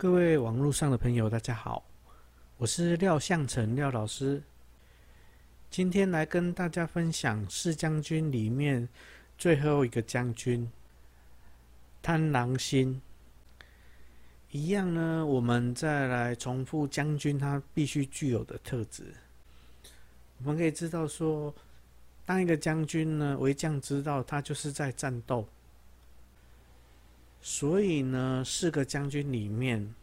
各位網絡上的朋友，大家好，我是廖相程廖老師。今天來跟大家分享四將軍裡面最後一個將軍貪狼星。一樣呢，我們再來重複將軍他必須具有的特質。我們可以知道說，當一個將軍呢，為將之道，他就是在戰鬥。所以呢，四個將軍裡面，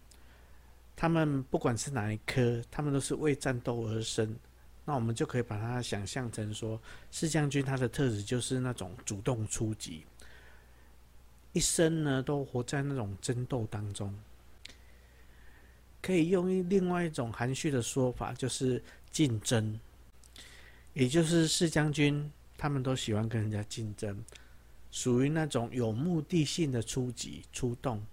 他們不管是哪一顆，他們都是為戰鬥而生。那我們就可以把它想象成說，四將軍他的特質就是那種主動出擊，一生呢都活在那種爭鬥當中。可以用另外一種含蓄的說法，就是競爭。也就是四將軍他們都喜歡跟人家競爭。屬於那種有目的性的出擊出動。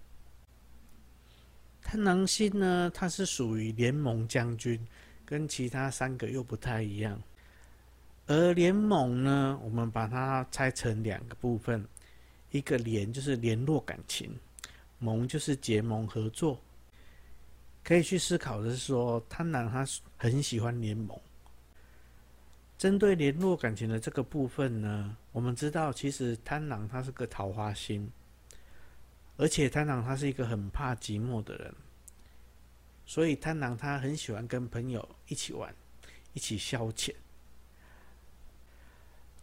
貪狼星呢，它是屬於聯盟將軍，跟其他三個又不太一樣。而聯盟呢，我們把它拆成兩個部分，一個聯就是聯絡感情，盟就是結盟合作。可以去思考的是說，貪狼他很喜歡聯盟。針對聯絡感情的這個部分呢，我們知道，其實貪狼他是個桃花星，而且貪狼他是一個很怕寂寞的人，所以貪狼他很喜歡跟朋友一起玩，一起消遣，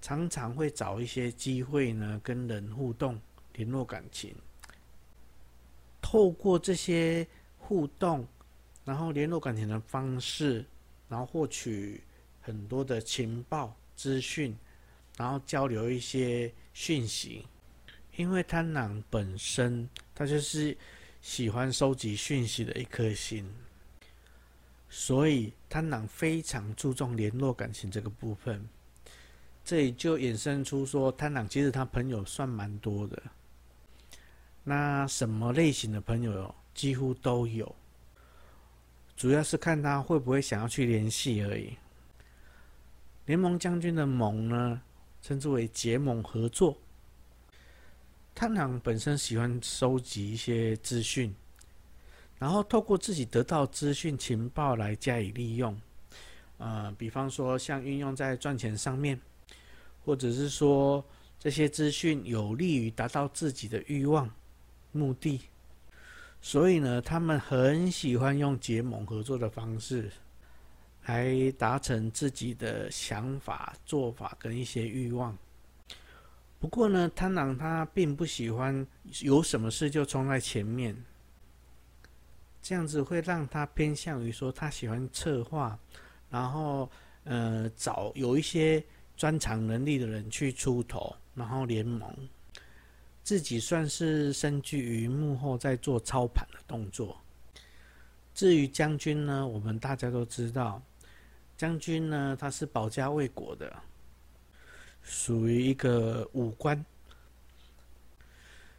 常常會找一些機會呢跟人互動聯絡感情，透過這些互動，然後聯絡感情的方式，然後獲取。很多的情報資訊，然後交流一些訊息，因為貪狼本身他就是喜歡收集訊息的一顆心，所以貪狼非常注重聯絡感情這個部分。這裡就衍生出說，貪狼其實他朋友算蠻多的，那什麼類型的朋友幾乎都有，主要是看他會不會想要去聯繫而已。聯盟將軍的盟呢，稱之為結盟合作。貪狼本身喜歡收集一些資訊，然後透過自己得到資訊情報來加以利用，呃，比方說像運用在賺錢上面，或者是說這些資訊有利於達到自己的慾望目的，所以呢，他們很喜歡用結盟合作的方式。來達成自己的想法、做法跟一些慾望。不過呢，貪狼他並不喜歡有什麼事就衝在前面，這樣子會讓他偏向於說他喜歡策劃，然後呃找有一些專長能力的人去出頭，然後聯盟，自己算是身居於幕後在做操盤的動作。至於將軍呢，我們大家都知道。將軍呢，他是保家衛國的，屬於一個武官，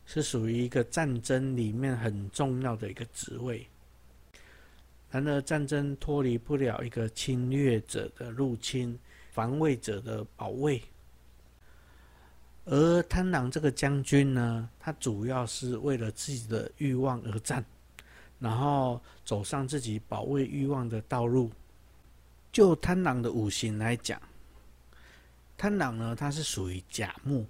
是屬於一個戰爭裡面很重要的一個職位。然而，戰爭脫離不了一個侵略者的入侵，防衛者的保衛。而貪狼這個將軍呢，他主要是為了自己的慾望而戰，然後走上自己保衛慾望的道路。就貪狼的五行來講，貪狼呢，它是屬於甲木。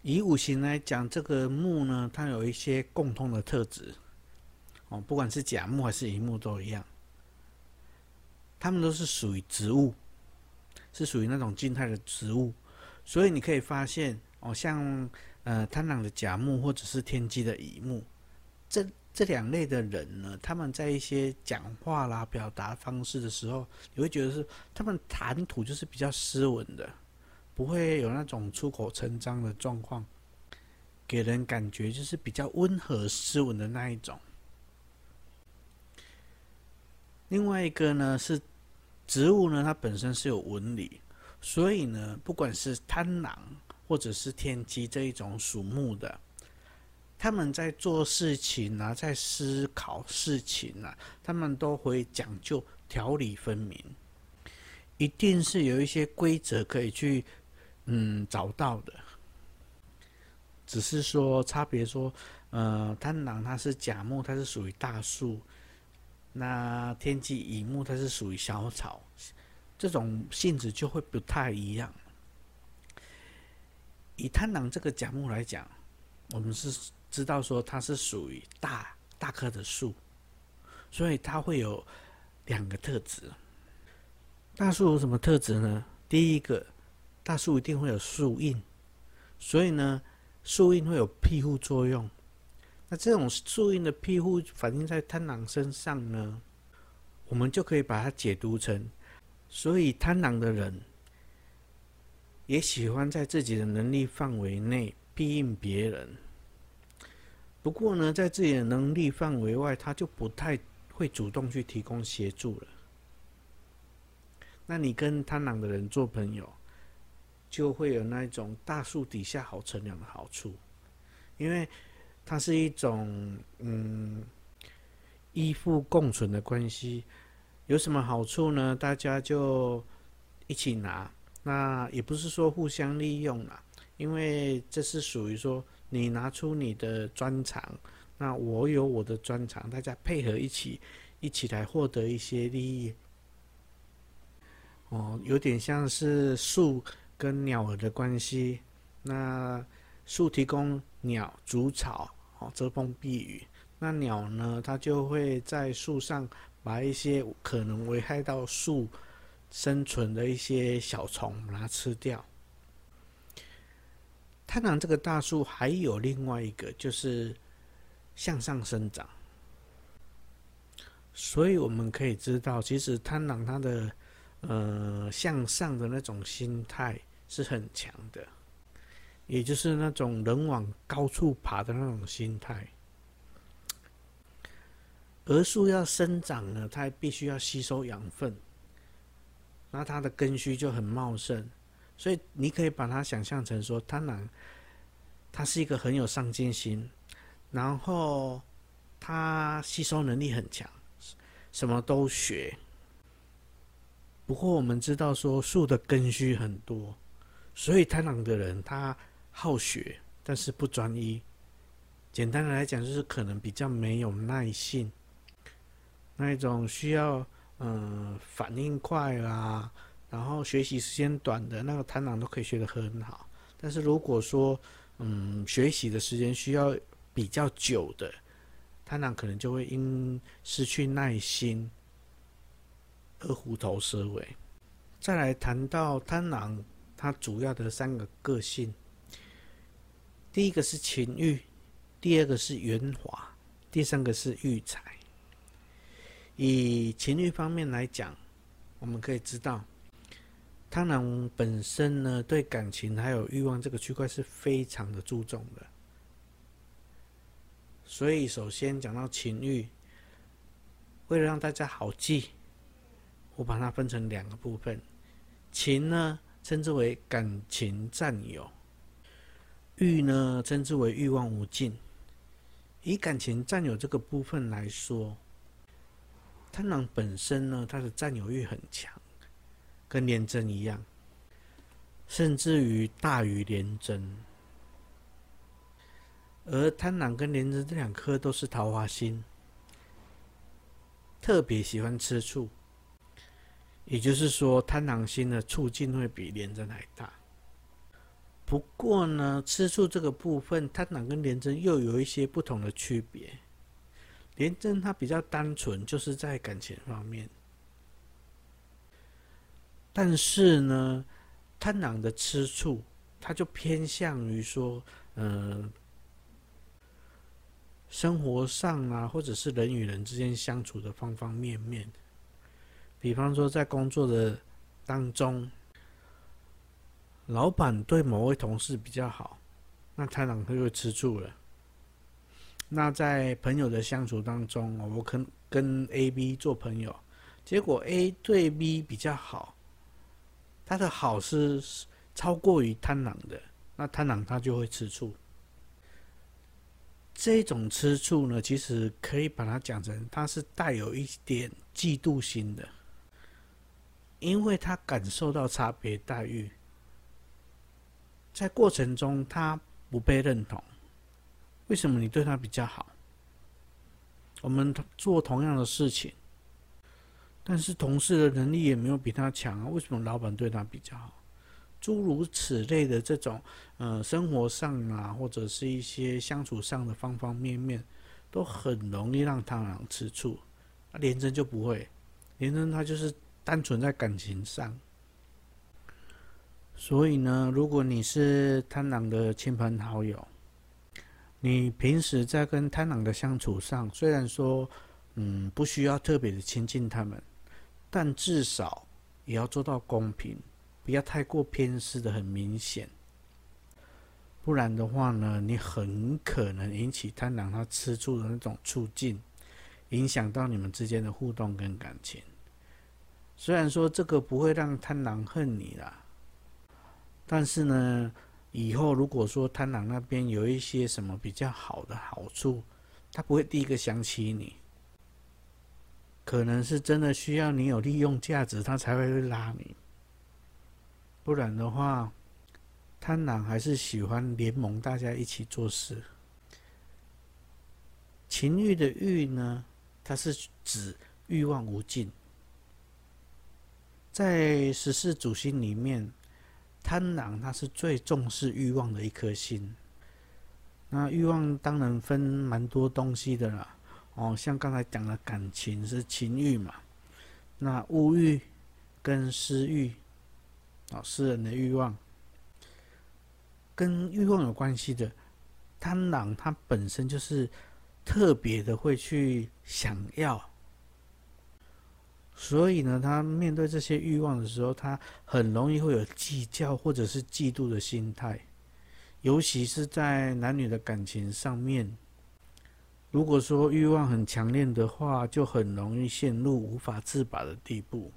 以五行來講，這個木呢，它有一些共通的特質哦，不管是甲木還是乙木都一樣，它們都是屬於植物，是屬於那種靜態的植物，所以你可以發現哦，像呃貪狼的甲木或者是天機的乙木，這。這兩類的人呢，他們在一些講話啦、表達方式的時候，你會覺得是他們談吐就是比較斯文的，不會有那種出口成章的狀況，給人感覺就是比較溫和、斯文的那一種。另外一個呢，是植物呢，它本身是有紋理，所以呢，不管是貪狼或者是天機這一種屬木的。他們在做事情啊，在思考事情啊，他們都會講究條理分明，一定是有一些規則可以去嗯找到的。只是說差別，說呃，貪狼它是甲木，它是屬於大樹；那天機乙木，它是屬於小草，這種性質就會不太一樣。以貪狼這個甲木來講，我們是。知道說它是屬於大大棵的樹，所以它會有兩個特質。大樹有什麼特質呢？第一個，大樹一定會有樹蔭，所以呢，樹蔭會有庇護作用。那這種樹蔭的庇護反映在貪狼身上呢，我們就可以把它解讀成，所以貪狼的人也喜歡在自己的能力範圍內庇蔭別人。不過呢，在自己的能力範圍外，他就不太會主動去提供協助了。那你跟貪狼的人做朋友，就會有那種大樹底下好乘涼的好處，因為它是一種嗯依附共存的關係。有什麼好處呢？大家就一起拿，那也不是說互相利用啦，因為這是屬於說。你拿出你的專長，那我有我的專長，大家配合一起，一起來獲得一些利益。哦，有點像是樹跟鳥兒的關係。那樹提供鳥築巢，哦遮風避雨。那鳥呢，它就會在樹上把一些可能危害到樹生存的一些小蟲把它吃掉。貪狼這個大樹還有另外一個，就是向上生長，所以我們可以知道，其實貪狼它的呃向上的那種心態是很強的，也就是那種人往高處爬的那種心態。而樹要生長呢，它還必須要吸收養分，那它的根鬚就很茂盛。所以你可以把它想象成說，貪狼他是一個很有上進心，然後他吸收能力很強，什麼都學。不過我們知道說樹的根須很多，所以貪狼的人他好學，但是不專一。簡單的來講，就是可能比較沒有耐性，那一種需要嗯反應快啊。然後學習時間短的那個貪狼都可以學得很好，但是如果說，嗯，學習的時間需要比較久的貪狼，可能就會因失去耐心而虎頭蛇尾。再來談到貪狼，它主要的三個個性，第一個是情欲，第二個是圓滑，第三個是欲財。以情欲方面來講，我們可以知道。貪狼本身呢，對感情還有欲望這個區塊是非常的注重的，所以首先講到情欲，為了讓大家好記，我把它分成兩個部分，情呢稱之為感情佔有，欲呢稱之為欲望無盡。以感情佔有這個部分來說，貪狼本身呢，它的佔有欲很強。跟廉貞一樣，甚至於大於廉貞。而貪狼跟廉貞這兩顆都是桃花星，特別喜歡吃醋。也就是說，貪狼星的醋勁會比廉貞還大。不過呢，吃醋這個部分，貪狼跟廉貞又有一些不同的區別。廉貞它比較單純，就是在感情方面。但是呢，貪狼的吃醋，他就偏向於說，嗯、呃、生活上啊，或者是人與人之間相處的方方面面，比方說在工作的當中，老闆對某位同事比較好，那貪狼就會吃醋了。那在朋友的相處當中，我跟跟 A、B 做朋友，結果 A 對 B 比較好。他的好是超過於貪狼的，那貪狼他就會吃醋。這種吃醋呢，其實可以把它講成，他是帶有一點嫉妒心的，因為他感受到差別待遇，在過程中他不被認同。為什麼你對他比較好？我們做同樣的事情。但是同事的能力也沒有比他強啊，為什麼老闆對他比較好？諸如此類的這種，呃，生活上啊，或者是一些相處上的方方面面，都很容易讓貪狼吃醋。啊廉貞就不會，廉貞他就是單純在感情上。所以呢，如果你是貪狼的親朋好友，你平時在跟貪狼的相處上，雖然說，嗯，不需要特別的親近他們。但至少也要做到公平，不要太過偏私的很明顯，不然的話呢，你很可能引起貪狼他吃醋的那種處境，影響到你們之間的互動跟感情。雖然說這個不會讓貪狼恨你啦，但是呢，以後如果說貪狼那邊有一些什麼比較好的好處，他不會第一個想起你。可能是真的需要你有利用價值，他才會拉你。不然的話，貪狼還是喜歡聯盟，大家一起做事。情欲的欲呢，它是指欲望無盡。在十四主星裡面，貪狼它是最重視欲望的一顆星。那欲望當然分蠻多東西的啦。哦，像剛才講的感情是情欲嘛，那物欲跟私欲，啊、哦，私人的欲望，跟欲望有關係的，貪狼，它本身就是特別的會去想要，所以呢，他面對這些欲望的時候，他很容易會有計較或者是嫉妒的心態，尤其是在男女的感情上面。如果說欲望很強烈的話，就很容易陷入無法自拔的地步。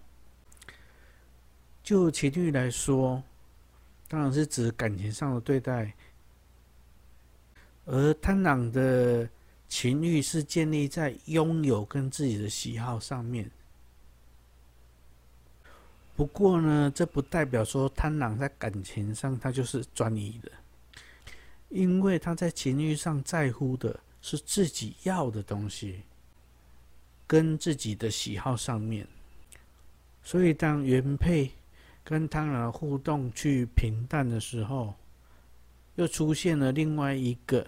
就情欲來說，當然是指感情上的對待。而貪狼的情欲是建立在擁有跟自己的喜好上面。不過呢，這不代表說貪狼在感情上他就是專一的，因為他在情欲上在乎的。是自己要的東西，跟自己的喜好上面。所以，當原配跟貪狼互動去平淡的時候，又出現了另外一個，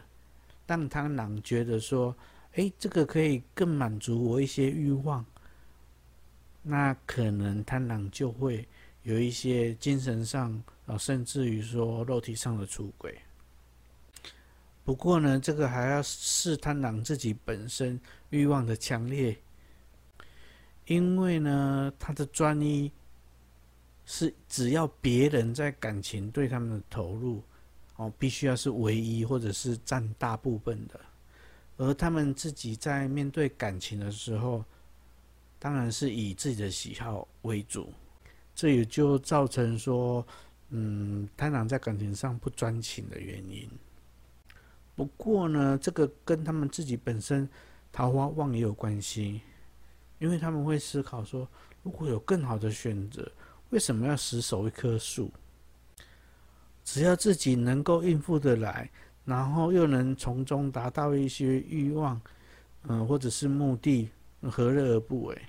讓貪狼覺得說：“哎、欸，這個可以更滿足我一些慾望。”那可能貪狼就會有一些精神上啊，甚至於說肉體上的出軌。不過呢，這個還要視貪狼自己本身欲望的強烈，因為呢，他的專一，是只要別人在感情對他們的投入，哦，必須要是唯一或者是占大部分的，而他們自己在面對感情的時候，當然是以自己的喜好為主，這也就造成說，嗯，貪狼在感情上不專情的原因。不過呢，這個跟他們自己本身桃花旺也有關係，因為他們會思考說，如果有更好的選擇，為什麼要死守一棵樹？只要自己能夠應付得來，然後又能從中達到一些慾望，嗯、呃，或者是目的，何樂而不為？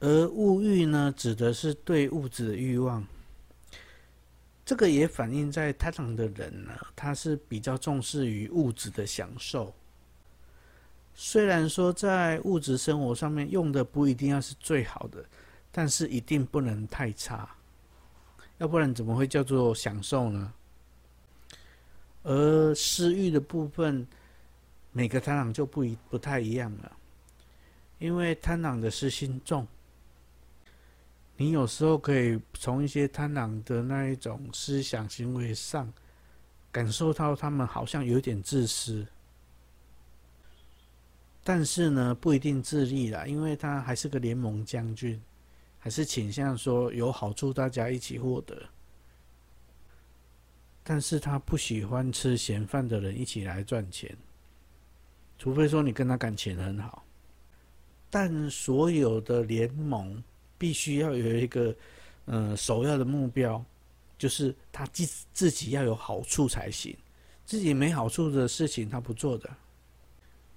而物慾呢，指的是對物質的慾望。這個也反映在貪狼的人呢、啊，他是比較重視於物質的享受。雖然說在物質生活上面用的不一定要是最好的，但是一定不能太差，要不然怎麼會叫做享受呢？而私欲的部分，每個貪狼就不一不太一樣了，因為貪狼的私心重。你有時候可以從一些貪狼的那一種思想行為上，感受到他們好像有點自私，但是呢，不一定自利啦，因為他還是個聯盟將軍，還是傾向說有好處大家一起獲得，但是他不喜歡吃閒飯的人一起來賺錢，除非說你跟他感情很好，但所有的聯盟。必須要有一個，嗯，首要的目標，就是他自自己要有好處才行。自己沒好處的事情，他不做的，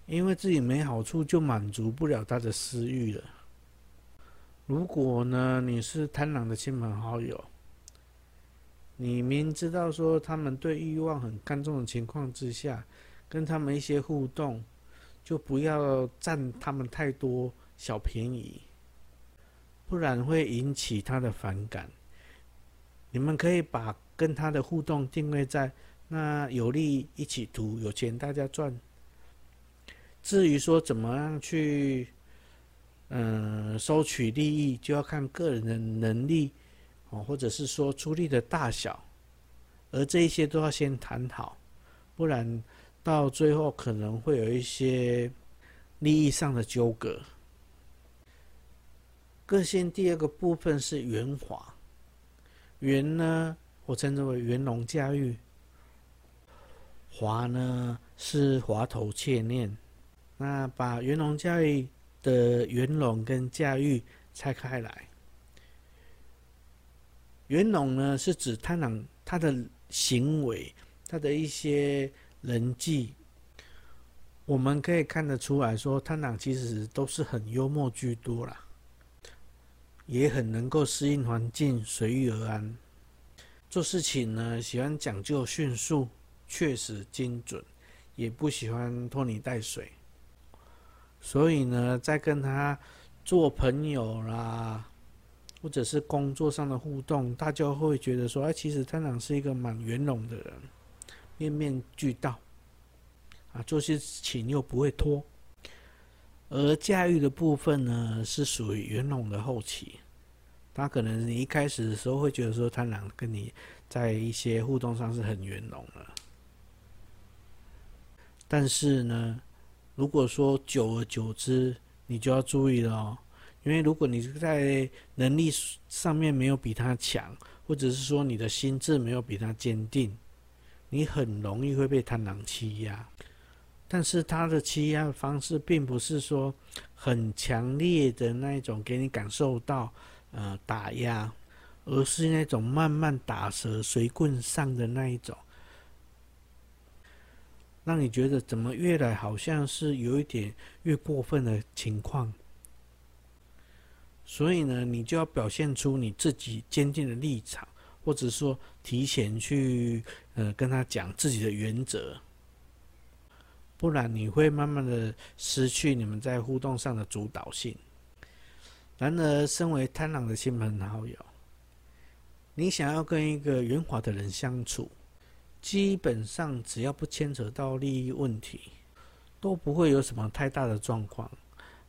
因為自己沒好處，就滿足不了他的私欲了。如果呢，你是貪婪的親朋好友，你明知道說他們對欲望很看重的情況之下，跟他們一些互動，就不要佔他們太多小便宜。不然會引起他的反感。你們可以把跟他的互動，定位在那有利一起圖，有錢大家賺。至於說怎麼樣去，嗯，收取利益，就要看個人的能力，哦，或者是說出力的大小，而這一些都要先談好，不然到最後可能會有一些利益上的糾葛。個性第二個部分是圓滑，圓呢，我稱之為圓融駕馭，滑呢是滑頭切念。那把圓融駕馭的圓融跟駕馭拆開來，圓融呢是指貪狼，他的行為，他的一些人際，我們可以看得出來說，貪狼其實都是很幽默居多啦。也很能夠適應環境，隨遇而安。做事情呢，喜歡講究迅速、確實、精準，也不喜歡拖泥帶水。所以呢，在跟他做朋友啦，或者是工作上的互動，大家會覺得說，哎、啊，其實貪狼是一個蠻圓融的人，面面俱到啊，做事情又不會拖。而駕馭的部分呢，是屬於圓融的後期。他可能你一開始的時候會覺得說，貪狼跟你在一些互動上是很圓融的。但是呢，如果說久而久之，你就要注意了哦，因為如果你在能力上面沒有比他強，或者是說你的心智沒有比他堅定，你很容易會被貪狼欺壓。但是他的欺壓方式並不是說很強烈的那一種，給你感受到呃打壓，而是那種慢慢打蛇隨棍上的那一種，讓你覺得怎麼越來好像是有一點越過分的情況。所以呢，你就要表現出你自己堅定的立場，或者說提前去呃跟他講自己的原則。不然你會慢慢的失去你們在互動上的主導性。然而，身為貪狼的親朋好友，你想要跟一個圓滑的人相處，基本上只要不牽扯到利益問題，都不會有什麼太大的狀況，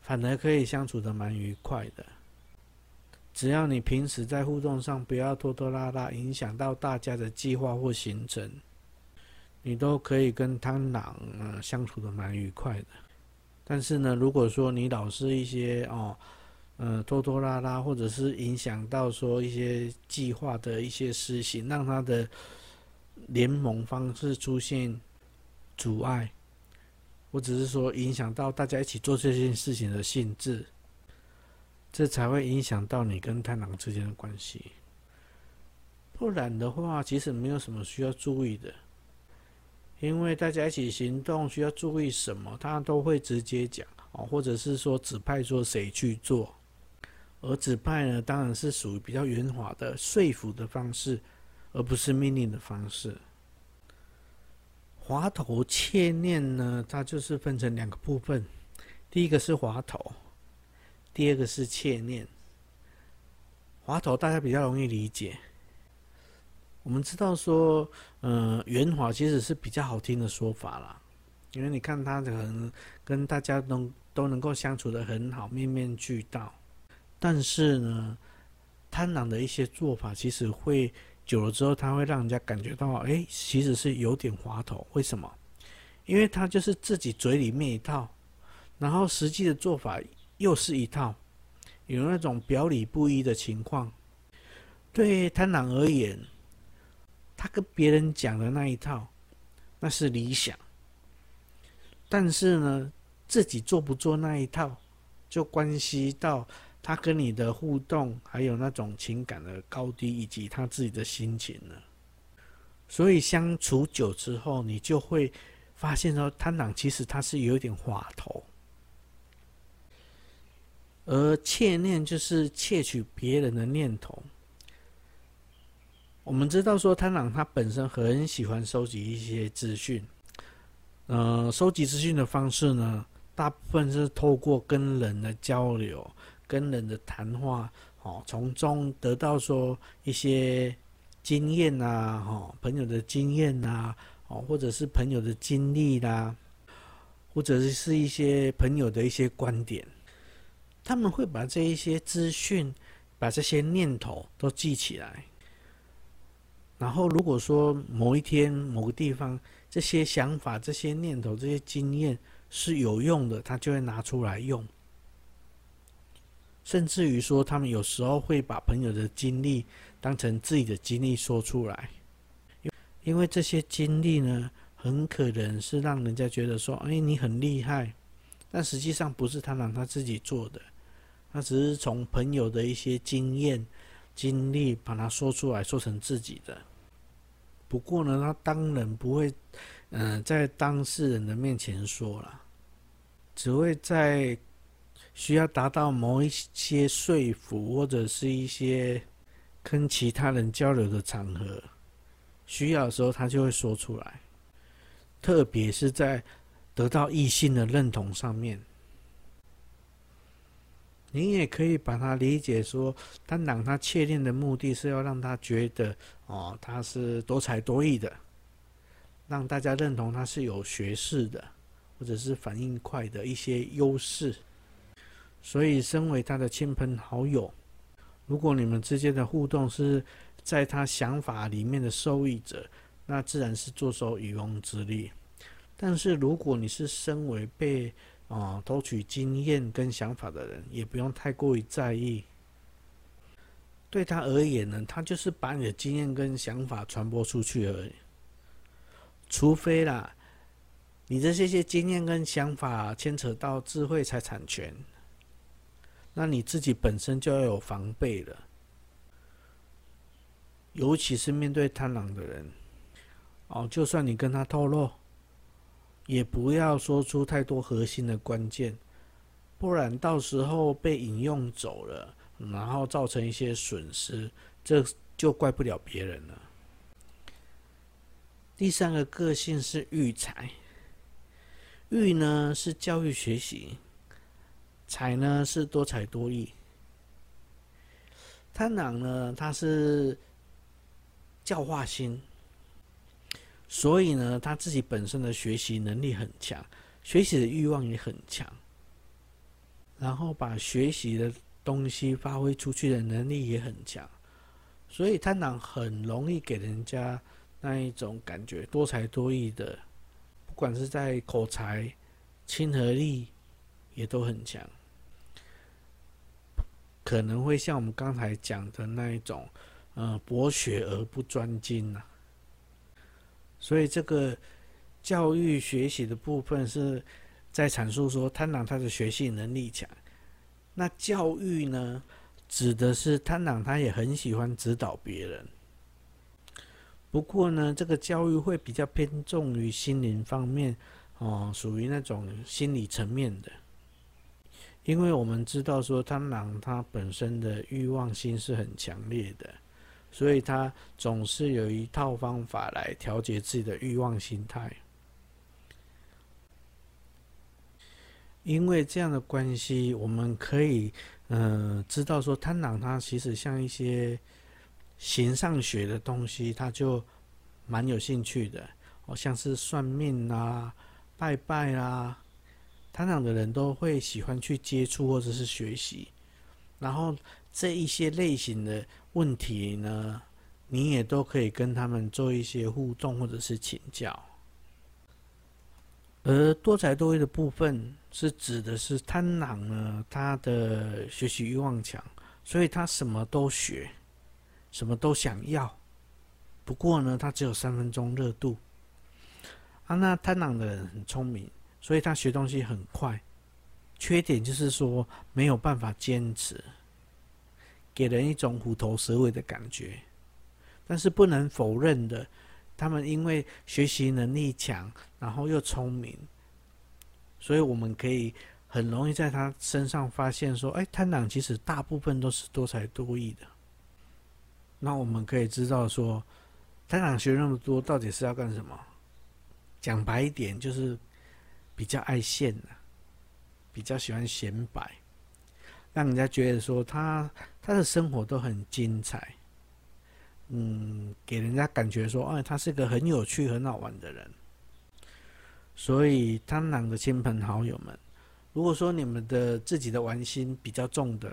反而可以相處得蠻愉快的。只要你平時在互動上不要拖拖拉拉，影響到大家的計劃或行程。你都可以跟貪狼呃相處的蠻愉快的，但是呢，如果說你老是一些哦，呃拖拖拉拉，或者是影響到說一些計劃的一些事情，讓他的聯盟方式出現阻礙，或者是說影響到大家一起做這件事情的性質，這才會影響到你跟貪狼之間的關係。不然的話，其實沒有什麼需要注意的。因為大家一起行動，需要注意什麼，他都會直接講哦，或者是說指派說誰去做，而指派呢，當然是屬於比較圓滑的說服的方式，而不是命令的方式。滑頭切念呢，它就是分成兩個部分，第一個是滑頭，第二個是切念。滑頭大家比較容易理解。我們知道說，嗯、呃，圓滑其實是比較好聽的說法啦，因為你看他可能跟大家都都能夠相處得很好，面面俱到。但是呢，貪狼的一些做法，其實會久了之後，他會讓人家感覺到，哎，其實是有點滑頭。為什麼？因為他就是自己嘴裡面一套，然後實際的做法又是一套，有那種表裡不一的情況。對貪狼而言。他跟別人講的那一套，那是理想。但是呢，自己做不做那一套，就關係到他跟你的互動，還有那種情感的高低，以及他自己的心情了。所以相處久之後，你就會發現說，貪狼其實他是有點滑頭，而竊念就是竊取別人的念頭。我們知道說，貪狼他本身很喜歡收集一些資訊。嗯、呃，收集資訊的方式呢，大部分是透過跟人的交流、跟人的談話，哦，從中得到說一些經驗吶、啊，哈、哦，朋友的經驗吶、啊，哦，或者是朋友的經歷啦、啊，或者是一些朋友的一些觀點，他們會把這一些資訊、把這些念頭都記起來。然後，如果說某一天某個地方這些想法、這些念頭、這些經驗是有用的，他就會拿出來用。甚至於說，他們有時候會把朋友的經歷當成自己的經歷說出來，因為這些經歷呢，很可能是讓人家覺得說：“哎，你很厲害。”但實際上不是他讓他自己做的，他只是從朋友的一些經驗、經歷把它說出來，說成自己的。不過呢，他當然不會，嗯、呃，在當事人的面前說了，只會在需要達到某一些說服或者是一些跟其他人交流的場合，需要的時候他就會說出來，特別是在得到異性的認同上面。你也可以把它理解說，他黨他切定的目的是要讓他覺得，哦，他是多才多藝的，讓大家認同他是有學識的，或者是反應快的一些優勢。所以，身為他的親朋好友，如果你們之間的互動是在他想法裡面的受益者，那自然是坐收漁翁之利。但是，如果你是身為被哦，偷取經驗跟想法的人，也不用太過於在意。對他而言呢，他就是把你的經驗跟想法傳播出去而已。除非啦，你的這些經驗跟想法牽扯到智慧財產權，那你自己本身就要有防備了。尤其是面對貪狼的人，哦，就算你跟他透露。也不要說出太多核心的關鍵，不然到時候被引用走了，然後造成一些損失，這就怪不了別人了。第三個個性是育才，育呢是教育學習，才呢是多才多藝，貪狼呢它是教化心。所以呢，他自己本身的學習能力很強，學習的慾望也很強，然後把學習的東西發揮出去的能力也很強，所以貪狼很容易給人家那一種感覺，多才多藝的，不管是在口才、親和力也都很強，可能會像我們剛才講的那一種，呃、嗯，博學而不專精啊。所以，這個教育學習的部分是在闡述說，貪狼他的學習能力強。那教育呢，指的是貪狼他也很喜歡指導別人。不過呢，這個教育會比較偏重於心靈方面，哦，屬於那種心理層面的。因為我們知道說，貪狼他本身的慾望心是很強烈的。所以他總是有一套方法來調節自己的慾望心態。因為這樣的關係，我們可以嗯知道說，貪狼他其實像一些形上學的東西，他就蠻有興趣的，像是算命啊、拜拜啊，貪狼的人都會喜歡去接觸或者是學習，然後，這一些類型的問題呢，你也都可以跟他們做一些互動或者是請教。而多才多藝的部分是指的是貪狼呢，他的學習慾望強，所以他什麼都學，什麼都想要。不過呢，他只有三分鐘熱度。啊，那貪狼的人很聰明，所以他學東西很快，缺點就是說沒有辦法堅持。給人一種虎頭蛇尾的感覺，但是不能否認的，他們因為學習能力強，然後又聰明，所以我們可以很容易在他身上發現說：“哎，貪狼其實大部分都是多才多藝的。”那我們可以知道說，貪狼學那麼多到底是要幹什麼？講白一點，就是比較愛現的，啊，比較喜歡顯擺，讓人家覺得說他。他的生活都很精彩，嗯，給人家感覺說，哎，他是個很有趣、很好玩的人。所以貪狼的親朋好友們，如果說你們的自己的玩心比較重的，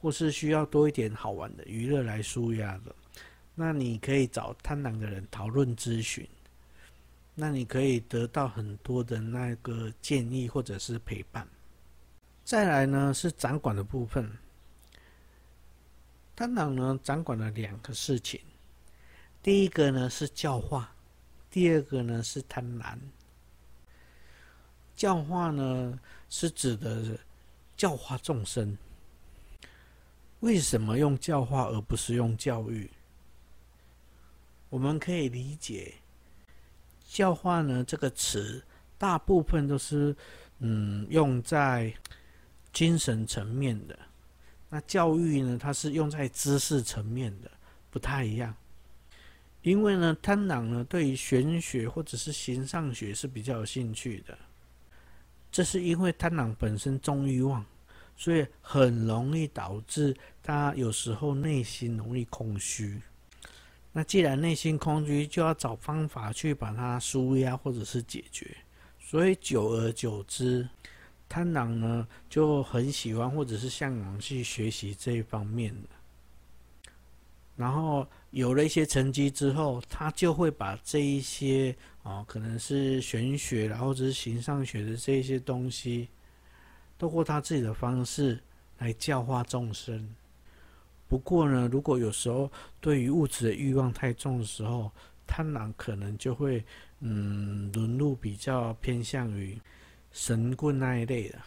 或是需要多一點好玩的娛樂來舒壓的，那你可以找貪狼的人討論諮詢，那你可以得到很多的那個建議或者是陪伴。再來呢，是掌管的部分。貪狼呢，掌管了兩個事情。第一個呢是教化，第二個呢是貪婪。教化呢是指的教化眾生。為什麼用教化而不是用教育？我們可以理解“教化”呢這個詞，大部分都是嗯用在精神層面的。那教育呢？它是用在知識層面的，不太一樣。因為呢，貪狼呢，對於玄學或者是形上學是比較有興趣的。這是因為貪狼本身重慾望，所以很容易導致他有時候內心容易空虛。那既然內心空虛，就要找方法去把它紓壓，或者是解決。所以久而久之。貪狼呢，就很喜歡或者是嚮往去學習這一方面的，然後有了一些成績之後，他就會把這一些哦，可能是玄學，然後或者是形上學的這一些東西，透過他自己的方式來教化眾生。不過呢，如果有時候對於物質的慾望太重的時候，貪狼可能就會嗯，淪入比較偏向於。神棍那一類的，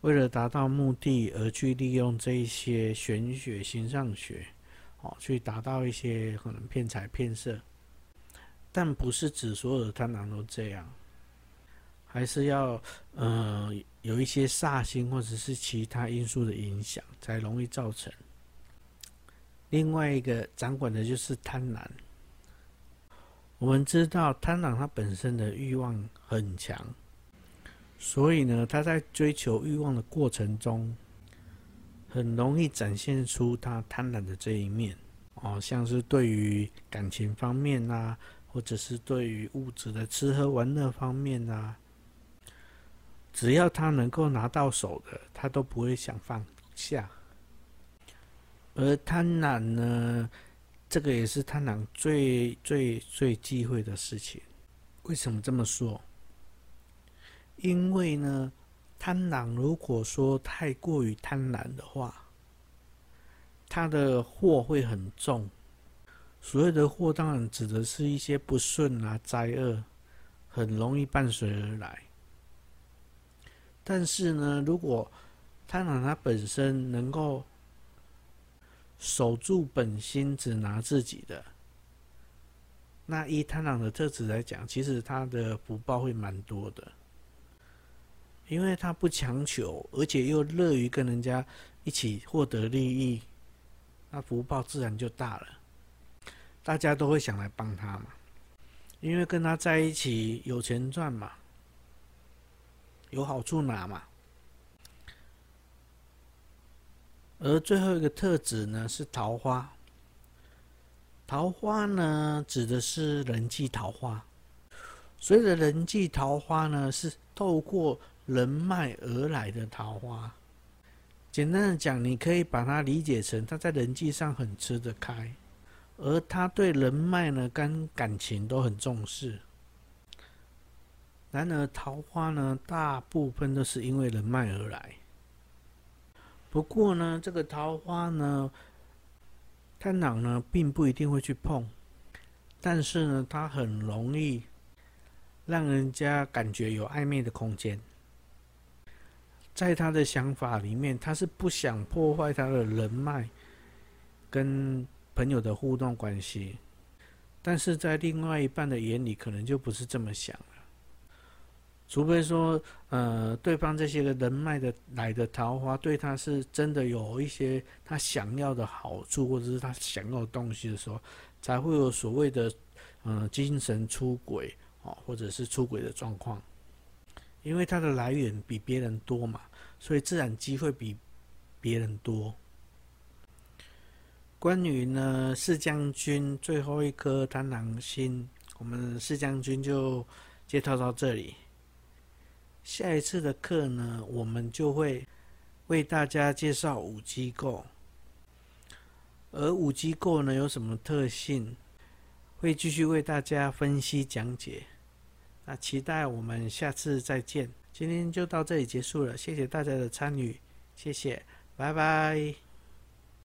為了達到目的而去利用這一些玄學、形上學，哦，去達到一些可能騙財騙色，但不是指所有的貪狼都這樣，還是要呃有一些煞星或者是其他因素的影響才容易造成。另外一個掌管的就是貪婪，我們知道貪婪它本身的慾望很強。所以呢，他在追求欲望的過程中，很容易展現出他貪婪的這一面哦，像是對於感情方面吶、啊，或者是對於物質的吃喝玩樂方面吶、啊，只要他能夠拿到手的，他都不會想放下。而貪婪呢，這個也是貪狼最最最忌諱的事情。為什麼這麼說？因為呢，貪狼如果說太過於貪婪的話，他的禍會很重。所謂的禍，當然指的是一些不順啊、災厄，很容易伴隨而來。但是呢，如果貪狼他本身能夠守住本心，只拿自己的，那以貪狼的特質來講，其實他的福報會蠻多的。因為他不強求，而且又樂於跟人家一起獲得利益，那福報自然就大了。大家都會想來幫他嘛，因為跟他在一起有錢賺嘛，有好處拿嘛。而最後一個特質呢，是桃花，桃花呢指的是人際桃花，所以人際桃花呢是透過。人脈而來的桃花，簡單的講，你可以把它理解成它在人際上很吃得開，而他對人脈呢跟感情都很重視。然而桃花呢，大部分都是因為人脈而來。不過呢，這個桃花呢，貪狼呢並不一定會去碰，但是呢，他很容易讓人家感覺有曖昧的空間。在他的想法裡面，他是不想破壞他的人脈，跟朋友的互動關係。但是在另外一半的眼裡，可能就不是這麼想了。除非說，呃，對方這些人脈的來的桃花，對他是真的有一些他想要的好處，或者是他想要的東西的時候，才會有所謂的，嗯、呃，精神出軌啊、哦，或者是出軌的狀況。因為它的來源比別人多嘛，所以自然機會比別人多。關於呢，四將軍最後一顆貪狼星，我們四將軍就介紹到這裡。下一次的課呢，我們就會為大家介紹五機構。而五機構呢，有什麼特性？會繼續為大家分析講解。那期待我們下次再見。今天就到這裡結束了，謝謝大家的參與，謝謝，拜拜。